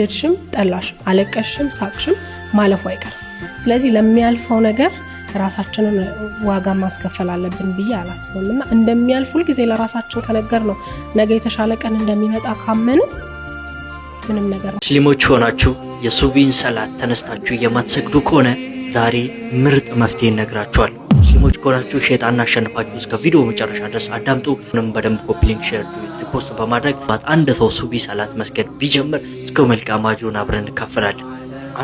ወደድሽም ጠላሽም፣ አለቀሽም ሳቅሽም ማለፉ አይቀርም። ስለዚህ ለሚያልፈው ነገር ራሳችንን ዋጋ ማስከፈል አለብን ብዬ አላስብም እና እንደሚያልፍ ሁልጊዜ ለራሳችን ከነገር ነው ነገ የተሻለ ቀን እንደሚመጣ ካመን ምንም ነገር ሙስሊሞች ሆናችሁ የሱቢን ሰላት ተነስታችሁ የማትሰግዱ ከሆነ ዛሬ ምርጥ መፍትሄ እነግራችኋል። ሙስሊሞች ከሆናችሁ ሼጣን አሸንፋችሁ እስከ ቪዲዮ መጨረሻ ድረስ አዳምጡ። ንም በደንብ ኮፒ ሊንክ ፖስት በማድረግ አንድ ሰው ሱቢ ሰላት መስገድ ቢጀምር እስከ መልቃም አጅሩን አብረን እንካፈላለን።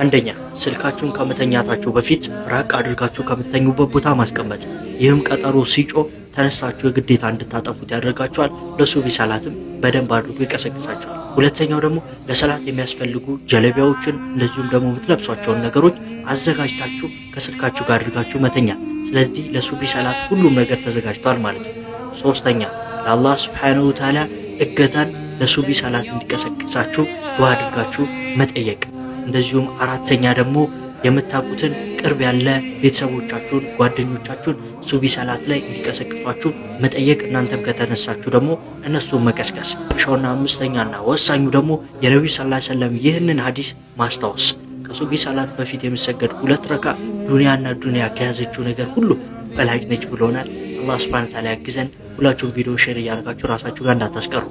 አንደኛ ስልካችሁን ከመተኛታችሁ በፊት ራቅ አድርጋችሁ ከምተኙበት ቦታ ማስቀመጥ። ይህም ቀጠሮ ሲጮ ተነሳችሁ የግዴታ እንድታጠፉት ያደርጋችኋል። ለሱቢ ሰላትም በደንብ አድርጎ ይቀሰቅሳችኋል። ሁለተኛው ደግሞ ለሰላት የሚያስፈልጉ ጀለቢያዎችን እንደዚሁም ደግሞ የምትለብሷቸውን ነገሮች አዘጋጅታችሁ ከስልካችሁ ጋር አድርጋችሁ መተኛ ስለዚህ ለሱቢ ሰላት ሁሉም ነገር ተዘጋጅቷል ማለት ነው። ሶስተኛ ለአላህ ስብሓነሁ ወተዓላ እገዛን ለሱቢ ሰላት እንዲቀሰቅሳችሁ ዱዓ አድርጋችሁ መጠየቅ። እንደዚሁም አራተኛ ደግሞ የምታውቁትን ቅርብ ያለ ቤተሰቦቻችሁን፣ ጓደኞቻችሁን ሱቢ ሰላት ላይ እንዲቀሰቅሷችሁ መጠየቅ። እናንተም ከተነሳችሁ ደግሞ እነሱን መቀስቀስ። ሻውና አምስተኛና ወሳኙ ደግሞ የነቢዩ ሰለላሁ ዐለይሂ ወሰለም ይህንን ሀዲስ ማስታወስ። ከሱቢ ሰላት በፊት የሚሰገድ ሁለት ረካ ዱንያና ዱንያ ከያዘችው ነገር ሁሉ በላጭ ነች ብሎናል። አላህ ሱብሓነሁ ወተዓላ ያግዘን። ሁላችሁም ቪዲዮ ሼር እያደረጋችሁ ራሳችሁ ጋር እንዳታስቀሩ።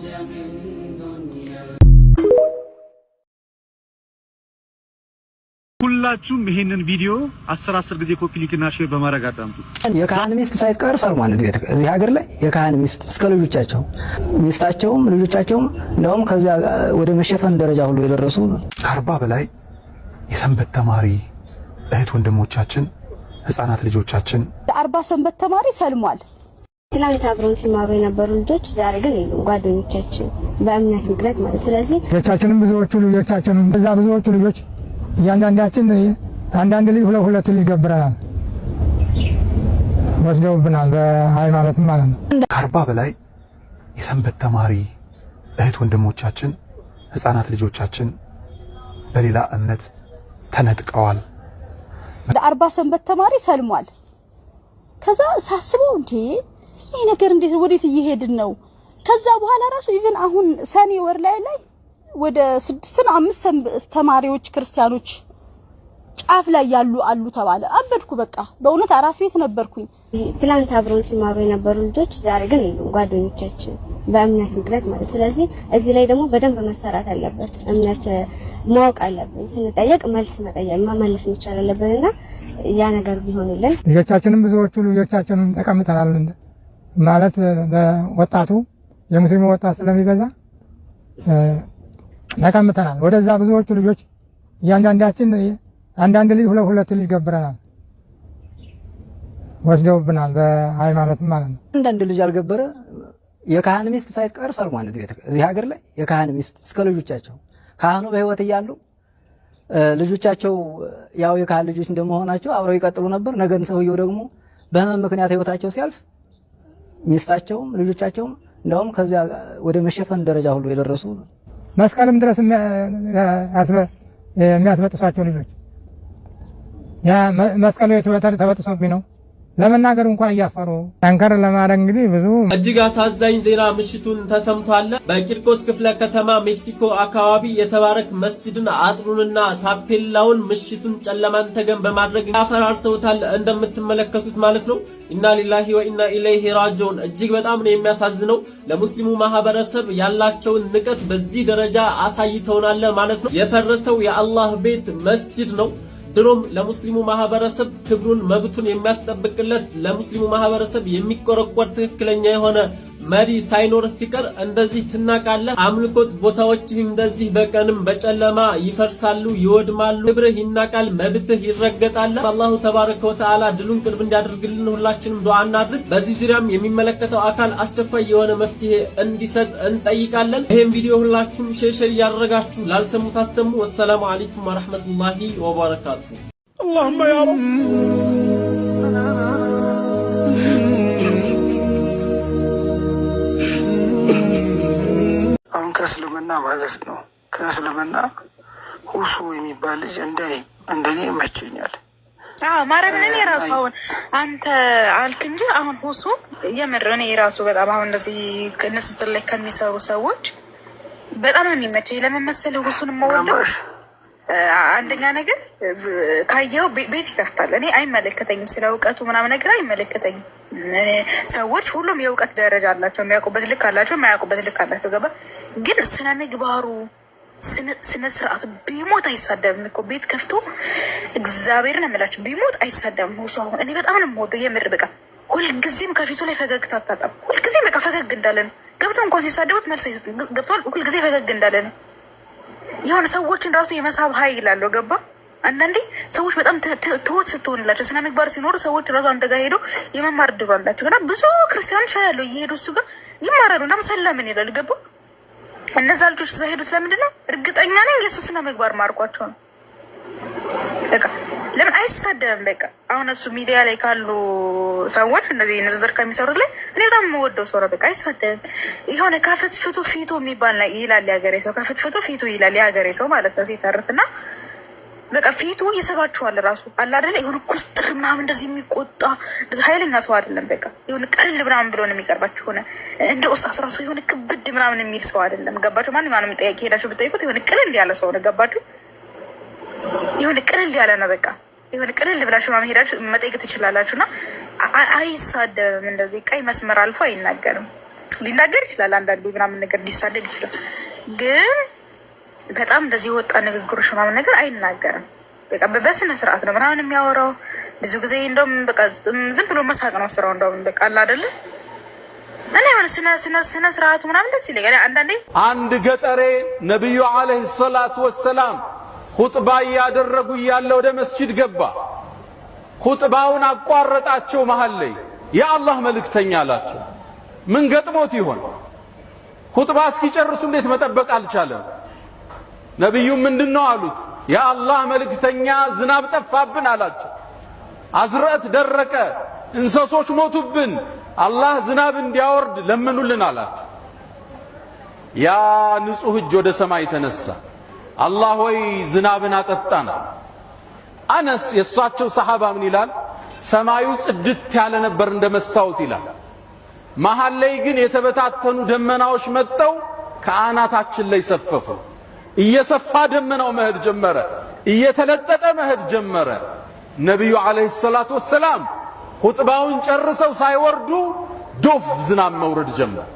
ሁላችሁም ይሄንን ቪዲዮ አስር አስር ጊዜ ኮፒ እና ሼር በማድረግ አዳምጡ። የካህን ሚስት ሳይቀር ሰልሟል። እዚህ ሀገር ላይ የካህን ሚስት እስከ ልጆቻቸው ሚስታቸውም ልጆቻቸውም እንደውም ከዚያ ወደ መሸፈን ደረጃ ሁሉ የደረሱ ከአርባ በላይ የሰንበት ተማሪ እህት ወንድሞቻችን ህፃናት ልጆቻችን አርባ ሰንበት ተማሪ ሰልሟል። ትላንት አብረን ሲማሩ የነበሩ ልጆች ዛሬ ግን ጓደኞቻችን በእምነት ምክንያት ማለት። ስለዚህ ልጆቻችንም ብዙዎቹ ልጆቻችን እዛ ብዙዎቹ ልጆች እያንዳንዳችን አንዳንድ ልጅ ሁለት ሁለት ልጅ ገብረናል ወስደውብናል፣ በሃይማኖትም ማለት ነው። ከአርባ በላይ የሰንበት ተማሪ እህት ወንድሞቻችን ህፃናት ልጆቻችን በሌላ እምነት ተነጥቀዋል። ለአርባ ሰንበት ተማሪ ሰልሟል። ከዛ ሳስበው እንዴ ይህ ነገር እንዴት ወዴት እየሄድን ነው? ከዛ በኋላ ራሱ ኢቭን አሁን ሰኔ ወር ላይ ላይ ወደ ስድስትና አምስት ተማሪዎች ክርስቲያኖች ጫፍ ላይ ያሉ አሉ ተባለ። አበድኩ በቃ በእውነት አራስ ቤት ነበርኩኝ። ትላንት አብረውን ሲማሩ የነበሩ ልጆች ዛሬ ግን ጓደኞቻችን በእምነት ምክንያት ማለት። ስለዚህ እዚህ ላይ ደግሞ በደንብ መሰራት አለበት። እምነት ማወቅ አለብን። ስንጠየቅ መልስ መጠየቅ መመለስ መቻል አለብንና ያ ነገር ቢሆንልን ልጆቻችንም ብዙዎቹ ልጆቻችንን ተቀምጠናል ማለት በወጣቱ የሙስሊሙ ወጣት ስለሚበዛ ተቀምተናል። ወደዛ ብዙዎቹ ልጆች እያንዳንዳችን አንዳንድ ልጅ ሁለት ሁለት ልጅ ገብረናል ወስደውብናል። በሃይማኖትም ማለት ነው። አንዳንድ ልጅ አልገበረ የካህን ሚስት ሳይቀር ሰልሟን እዚህ ሀገር ላይ የካህን ሚስት እስከ ልጆቻቸው ካህኑ በህይወት እያሉ ልጆቻቸው ያው የካህን ልጆች እንደመሆናቸው አብረው ይቀጥሉ ነበር። ነገን ሰውየው ደግሞ በህመም ምክንያት ህይወታቸው ሲያልፍ ሚስታቸውም ልጆቻቸውም እንደውም ከዚያ ወደ መሸፈን ደረጃ ሁሉ የደረሱ መስቀልም ድረስ የሚያስበጥሷቸው ልጆች ያ መስቀል ተበጥሶብኝ ነው ለመናገር እንኳን እያፈሩ ጠንከር ለማድረግ እንግዲህ ብዙ እጅግ አሳዛኝ ዜና ምሽቱን ተሰምቷል። በቂርቆስ ክፍለ ከተማ ሜክሲኮ አካባቢ የተባረክ መስጅድን አጥሩንና ታፔላውን ምሽቱን ጨለማን ተገን በማድረግ አፈራርሰውታል። እንደምትመለከቱት ማለት ነው። ኢና ሊላሂ ወኢና ኢለይሂ ራጂዑን። እጅግ በጣም ነው የሚያሳዝነው። ለሙስሊሙ ማህበረሰብ ያላቸውን ንቀት በዚህ ደረጃ አሳይተውናል ማለት ነው። የፈረሰው የአላህ ቤት መስጅድ ነው። ድሮም ለሙስሊሙ ማህበረሰብ ክብሩን መብቱን የሚያስጠብቅለት ለሙስሊሙ ማህበረሰብ የሚቆረቆር ትክክለኛ የሆነ መሪ ሳይኖር ሲቀር እንደዚህ ትናቃለህ። አምልኮት ቦታዎች እንደዚህ በቀንም በጨለማ ይፈርሳሉ፣ ይወድማሉ። ክብርህ ይናቃል፣ መብትህ ይረገጣል። አላሁ ተባረከ ወተዓላ ድሉን ቅርብ እንዲያደርግልን ሁላችንም ዱዓ እናድርግ። በዚህ ዙሪያም የሚመለከተው አካል አስቸኳይ የሆነ መፍትሄ እንዲሰጥ እንጠይቃለን። ይህም ቪዲዮ ሁላችሁም ሼር ሼር እያደረጋችሁ ላልሰሙ ታሰሙ። ወሰላሙ አለይኩም ወረሕመቱላሂ ወበረካቱ። እስልምና ማለት ነው። ከእስልምና ሁሱ የሚባል ልጅ እንደኔ እንደኔ ይመቸኛል ማረግ ነን የራሱ አሁን አንተ አልክ እንጂ አሁን ሁሱ የምር እኔ የራሱ በጣም አሁን እንደዚህ ንጽጽር ላይ ከሚሰሩ ሰዎች በጣም ነው የሚመቸኝ። ለመመሰል ሁሱን የምወደው አንደኛ ነገር ካየው ቤት ይከፍታል። እኔ አይመለከተኝም፣ ስለ እውቀቱ ምናምን ነገር አይመለከተኝም። ሰዎች ሁሉም የእውቀት ደረጃ አላቸው። የሚያውቁበት ልክ አላቸው፣ የማያውቁበት ልክ አላቸው። ገባ ግን ስነ ምግባሩ ስነ ስርዓቱ ቢሞት አይሳደብም እኮ ቤት ከፍቶ እግዚአብሔርን እምላችሁ ቢሞት አይሳደብም። ሆሱ አሁን እኔ በጣም ነው የምወደው የምር በቃ ሁልጊዜም ከፊቱ ላይ ፈገግታ አታጣም። ሁልጊዜም በቃ ፈገግ እንዳለ ነው። ገብቶ እንኳን ሲሳደቡት መልስ አይሰጥም። ገብቷል። ሁልጊዜ ፈገግ እንዳለ ነው። የሆነ ሰዎችን ራሱ የመሳብ ሀይል ይላለው ገባ አንዳንዴ ሰዎች በጣም ትሁት ስትሆንላቸው ስነ ምግባር ሲኖሩ ሰዎች ራሱ አንተ ጋር ሄዶ የመማር ድባላቸው ና ብዙ ክርስቲያኖች ያለው እየሄዱ እሱ ጋር ይማራሉ እና ሰላምን ይላሉ ገባ እነዛ ልጆች እዛ ሄዱት ለምንድን ነው? እርግጠኛ ነኝ የሱስነ ምግባር ማርኳቸው ነው። በቃ ለምን አይሳደብም? በቃ አሁን እሱ ሚዲያ ላይ ካሉ ሰዎች እነዚህ ንዝዝር ከሚሰሩት ላይ እኔ በጣም የምወደው ሰው ነው። በቃ አይሳደብም። የሆነ ከፍትፍቱ ፊቱ የሚባል ይላል የሀገሬ ሰው። ከፍትፍቱ ፊቱ ይላል የሀገሬ ሰው ማለት ነው ሲተርፍ እና በቃ ፊቱ ይስባችኋል። ራሱ አደለ የሆነ ኩስጥር ምናምን እንደዚህ የሚቆጣ ኃይለኛ ሰው አይደለም። በቃ የሆነ ቀልል ምናምን ብሎ ነው የሚቀርባችሁ። የሆነ እንደ ኡስታዝ ራሱ የሆነ ክብድ ምናምን የሚል ሰው አይደለም። ገባችሁ? ማንኛውንም ጠያቄ ሄዳችሁ ብጠይቁት የሆነ ቅልል ያለ ሰው ነው። ገባችሁ? የሆነ ቅልል ያለ ነው። በቃ የሆነ ቅልል ብላችሁ ምናምን ሄዳችሁ መጠየቅ ትችላላችሁ። እና አይሳደብም። እንደዚህ ቀይ መስመር አልፎ አይናገርም። ሊናገር ይችላል አንዳንዱ ምናምን ነገር ሊሳደብ ይችላል ግን በጣም እንደዚህ የወጣ ንግግሮች ምናምን ነገር አይናገርም። በቃ በስነ ስርዓት ነው ምናምን የሚያወራው። ብዙ ጊዜ እንደውም በቃ ዝም ብሎ መሳቅ ነው ስራው። እንደውም በቃ አለ አይደለ እኔ ሆነ ስነ ስርዓቱ ምናምን ደስ ይለኛል። አንዳንዴ አንድ ገጠሬ ነቢዩ አለይሂ ሰላቱ ወሰላም ሁጥባ እያደረጉ እያለ ወደ መስጂድ ገባ። ሁጥባውን አቋረጣቸው። መሀል ላይ የአላህ መልእክተኛ አላቸው። ምን ገጥሞት ይሆን? ሁጥባ እስኪጨርሱ እንዴት መጠበቅ አልቻለም? ነቢዩም ምንድን ነው አሉት። የአላህ መልእክተኛ ዝናብ ጠፋብን አላቸው። አዝርዕት ደረቀ፣ እንሰሶች ሞቱብን፣ አላህ ዝናብ እንዲያወርድ ለምኑልን አላቸው። ያ ንጹሕ እጅ ወደ ሰማይ ተነሳ። አላህ ሆይ ዝናብን አጠጣና። አነስ የእሳቸው ሰሓባ ምን ይላል? ሰማዩ ጽድት ያለ ነበር እንደ መስታወት ይላል። መሃል ላይ ግን የተበታተኑ ደመናዎች መጠው ከአናታችን ላይ ሰፈፉ። እየሰፋ ደመናው መሄድ ጀመረ። እየተለጠጠ መሄድ ጀመረ። ነቢዩ ዓለይሂ ሰላቱ ወሰላም ኹጥባውን ጨርሰው ሳይወርዱ ዶፍ ዝናብ መውረድ ጀመር።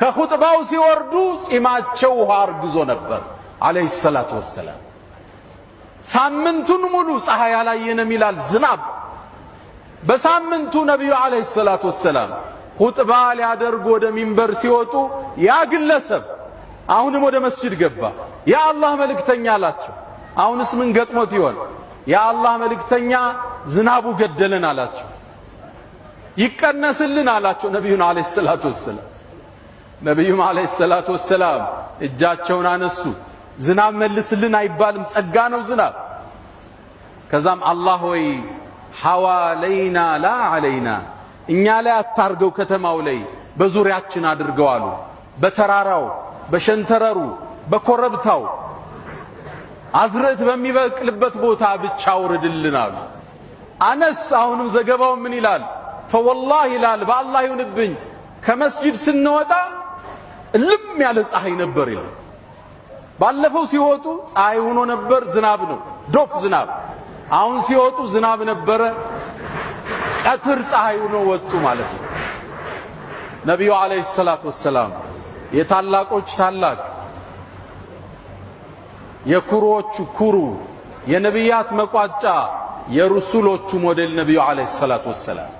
ከኹጥባው ሲወርዱ ጺማቸው ውሃ አርግዞ ነበር ዓለይሂ ሰላቱ ወሰላም። ሳምንቱን ሙሉ ፀሐይ አላየንም ይላል ዝናብ። በሳምንቱ ነቢዩ ዓለይሂ ሰላቱ ወሰላም ኹጥባ ሊያደርጉ ወደ ሚንበር ሲወጡ ያ ግለሰብ አሁንም ወደ መስጂድ ገባ። የአላህ መልእክተኛ አላቸው። አሁንስ ምን ገጥሞት ይሆን? የአላህ መልእክተኛ ዝናቡ ገደለን አላቸው። ይቀነስልን አላቸው። ነቢዩን አለይሂ ሰላቱ ወሰላም ነቢዩም አለይሂ ሰላቱ ወሰላም እጃቸውን አነሱ። ዝናብ መልስልን አይባልም፣ ጸጋ ነው ዝናብ። ከዛም አላህ ወይ ሐዋለይና ላ አለይና እኛ ላይ አታርገው፣ ከተማው ላይ በዙሪያችን አድርገው አሉ በተራራው በሸንተረሩ በኮረብታው አዝረት በሚበቅልበት ቦታ ብቻ አውርድልን አሉ። አነስ አሁንም ዘገባው ምን ይላል? ፈወላህ ይላል በአላህ ይሁንብኝ ከመስጂድ ስንወጣ እልም ያለ ፀሐይ ነበር ይላል። ባለፈው ሲወጡ ፀሐይ ሆኖ ነበር፣ ዝናብ ነው ዶፍ ዝናብ። አሁን ሲወጡ ዝናብ ነበረ፣ ቀትር ፀሐይ ሆኖ ወጡ ማለት ነው። ነቢዩ አለይሂ ሰላቱ ወሰላም የታላቆች ታላቅ የኩሮቹ ኩሩ የነቢያት መቋጫ የሩሱሎቹ ሞዴል ነቢዩ ዓለይሂ ሰላቱ ወሰላም